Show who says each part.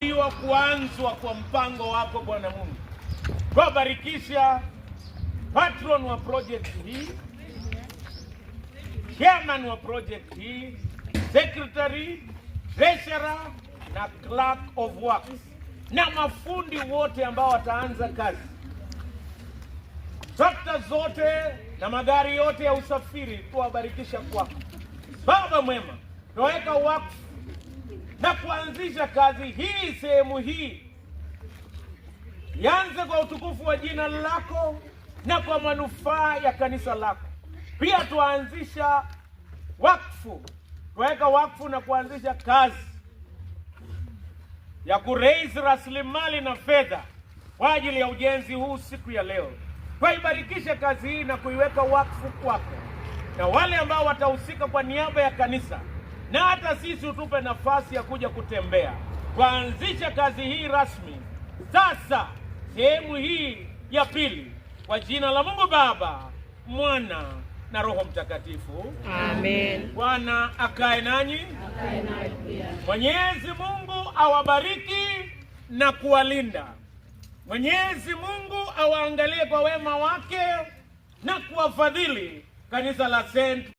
Speaker 1: iwa kuanzwa kwa mpango wako Bwana Mungu, wabarikisha patron wa project hii, chairman wa project hii, secretary, treasurer na clerk of works na mafundi wote ambao wataanza kazi, trakta zote na magari yote ya usafiri, tuwabarikisha kwako Baba mwema, tunaweka wakfu na kuanzisha kazi hii sehemu hii. Yanze kwa utukufu wa jina lako na kwa manufaa ya kanisa lako. Pia tuanzisha wakfu, tuweka wakfu na kuanzisha kazi ya kureisi rasilimali na fedha kwa ajili ya ujenzi huu siku ya leo. Twaibarikishe kazi hii na kuiweka wakfu kwako na wale ambao watahusika kwa niaba ya kanisa na hata sisi utupe nafasi ya kuja kutembea kuanzisha kazi hii rasmi sasa, sehemu hii ya pili. Kwa jina la Mungu Baba, Mwana na Roho Mtakatifu,
Speaker 2: amen.
Speaker 1: Bwana akae nanyi,
Speaker 3: akae nanyi pia.
Speaker 1: Mwenyezi Mungu awabariki na kuwalinda. Mwenyezi Mungu awaangalie kwa wema wake na kuwafadhili kanisa la Saint